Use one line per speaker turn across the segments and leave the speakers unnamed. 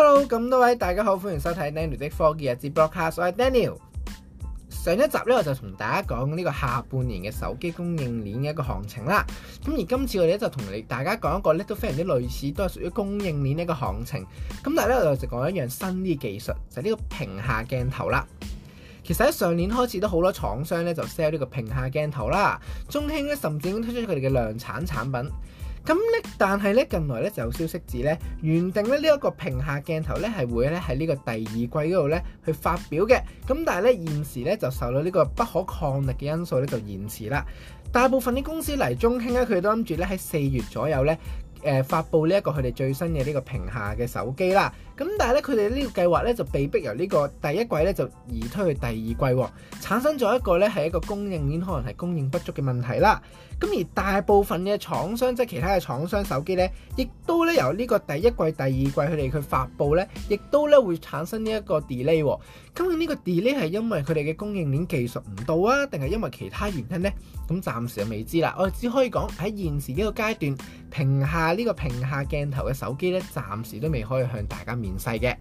hello，咁多位大家好，歡迎收睇 Daniel 的科技日誌 broadcast。我係 Daniel。上一集咧，我就同大家講呢個下半年嘅手機供應鏈嘅一個行情啦。咁而今次我哋咧就同你大家講一個咧都非常之類似，都係屬於供應鏈呢個行情。咁但係咧我就就講一樣新啲技術，就係呢個屏下鏡頭啦。其實喺上年開始都好多廠商咧就 sell 呢個屏下鏡頭啦。中興咧甚至已經推出佢哋嘅量產產品。咁但係咧近來咧就有消息指咧原定咧呢一個屏下鏡頭咧係會咧喺呢個第二季嗰度咧去發表嘅，咁但係咧現時咧就受到呢個不可抗力嘅因素咧就延遲啦。大部分啲公司嚟中興咧，佢都諗住咧喺四月左右咧。誒、呃、發佈呢一個佢哋最新嘅呢個屏下嘅手機啦，咁但係咧佢哋呢個計劃咧就被逼由呢個第一季咧就移推去第二季，哦，產生咗一個咧係一個供應鏈可能係供應不足嘅問題啦。咁而大部分嘅廠商即係其他嘅廠商手機咧，亦都咧由呢個第一季第二季佢哋去發佈咧，亦都咧會產生呢一個 delay，哦。咁呢個 delay 係因為佢哋嘅供應鏈技術唔到啊，定係因為其他原因咧？咁暫時就未知啦。我哋只可以講喺現時呢個階段屏下。呢個屏下鏡頭嘅手機咧，暫時都未可以向大家面世嘅。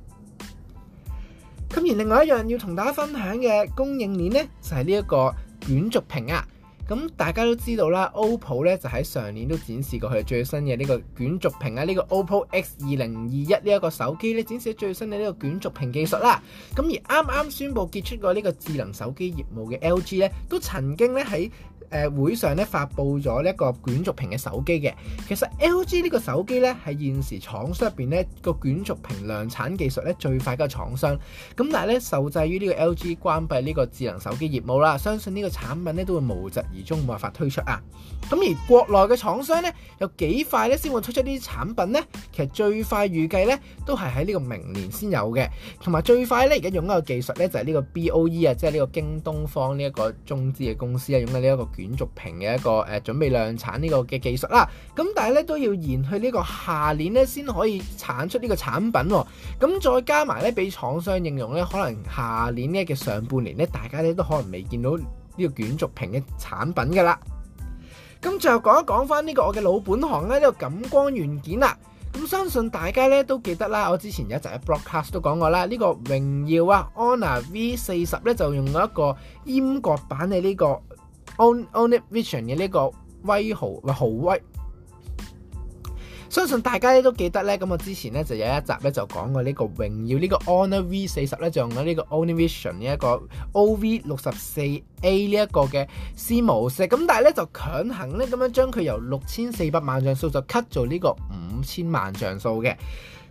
咁而另外一樣要同大家分享嘅供應鏈呢，就係呢一個卷軸屏啊。咁大家都知道啦，OPPO 咧就喺上年都展示過佢最新嘅呢個卷軸屏啊，呢個 OPPO X 二零二一，呢一個手機咧展示咗最新嘅呢個卷軸屏技術啦。咁而啱啱宣佈結束過呢個智能手機業務嘅 LG 咧，都曾經咧喺。誒會上咧發布咗呢一個卷軸屏嘅手機嘅，其實 LG 呢個手機咧係現時廠商入邊咧個卷軸屏量產技術咧最快嘅廠商，咁但係咧受制於呢個 LG 關閉呢個智能手機業務啦，相信呢個產品咧都會無疾而終冇辦法推出啊。咁而國內嘅廠商咧有幾快咧先會推出呢啲產品咧？其實最快預計咧都係喺呢個明年先有嘅，同埋最快咧而家用嘅技術咧就係呢個 BOE 啊，即係呢個京東方呢一個中資嘅公司啊，用緊呢一個。卷軸屏嘅一個誒，準備量產呢個嘅技術啦。咁但係咧都要延去呢個下年咧，先可以產出呢個產品。咁再加埋咧，俾廠商應用咧，可能下年呢嘅上半年咧，大家咧都可能未見到呢個卷軸屏嘅產品噶啦。咁最後講一講翻呢個我嘅老本行咧，呢個感光元件啦。咁相信大家咧都記得啦，我之前有一集嘅 broadcast 都講過啦。呢個榮耀啊 Honor V 四十咧就用咗一個閹割版嘅呢個。OmniVision 嘅呢個威豪或豪威，相信大家咧都記得咧。咁我之前咧就有一集咧就講過呢個榮耀呢個 Honor V 四十咧就用咗呢個 OmniVision 呢一個 OV 六十四 A 呢一個嘅 C 模式，咁但係咧就強行咧咁樣將佢由六千四百萬像素就 cut 做呢個五千萬像素嘅。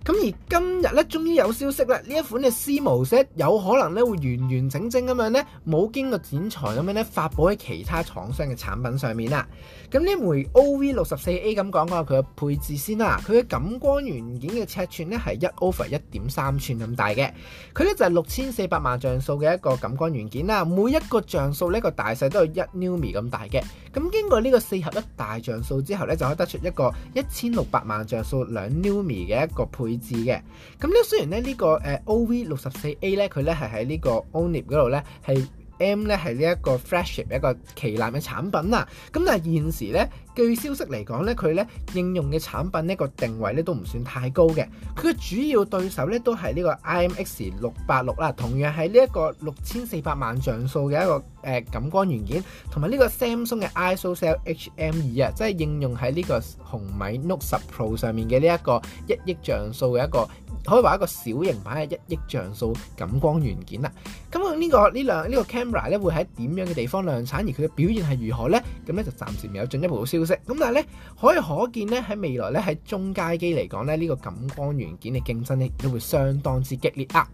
咁而今日咧，終於有消息啦！呢一款嘅 C 模式有可能咧會完完整整咁樣咧，冇經過剪裁咁樣咧，發布喺其他廠商嘅產品上面啦。咁呢枚 OV 六十四 A 咁講啊，佢嘅配置先啦。佢嘅感光元件嘅尺寸咧係一 over 一點三寸咁大嘅。佢咧就係六千四百萬像素嘅一個感光元件啦。每一個像素呢個大小都係一 n e 咁大嘅。咁經過呢個四合一大像素之後咧，就可以得出一個一千六百萬像素兩 n e 嘅一個配。字嘅，咁咧雖然咧呢個誒 OV 六十四 A 咧，佢咧係喺呢個 Onip 嗰度咧係 M 咧係呢一個 flagship 一個旗艦嘅產品啦。咁但係現時咧。據消息嚟講咧，佢咧應用嘅產品呢個定位咧都唔算太高嘅。佢嘅主要對手咧都係呢個 IMX 六八六啦，同樣係呢一個六千四百萬像素嘅一個誒、呃、感光元件，同埋呢個 Samsung 嘅 ISOCELL HM 二啊，即係應用喺呢個紅米 Note 十 Pro 上面嘅呢一個一億像素嘅一個，可以話一個小型版嘅一億像素感光元件啦。咁、嗯、呢、這個呢兩呢個 camera 咧會喺點樣嘅地方量產，而佢嘅表現係如何呢？咁咧就暫時未有進一步嘅消息。咁但係咧，可以可見咧喺未來咧喺中階機嚟講咧，呢個感光元件嘅競爭力都會相當之激烈啊。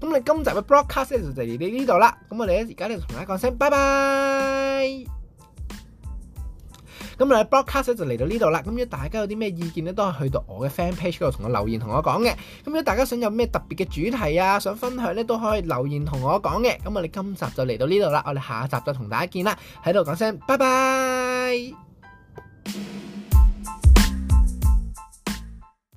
咁我哋今集嘅 broadcast 咧就嚟到呢度啦。咁我哋咧而家咧同大家講聲拜拜。咁我哋 broadcast 咧就嚟到呢度啦。咁如果大家有啲咩意見咧，都係去到我嘅 fan page 嗰度同我留言，同我講嘅。咁如果大家想有咩特別嘅主題啊，想分享咧，都可以留言同我講嘅。咁我哋今集就嚟到呢度啦。我哋下集就同大家見啦，喺度講聲拜拜。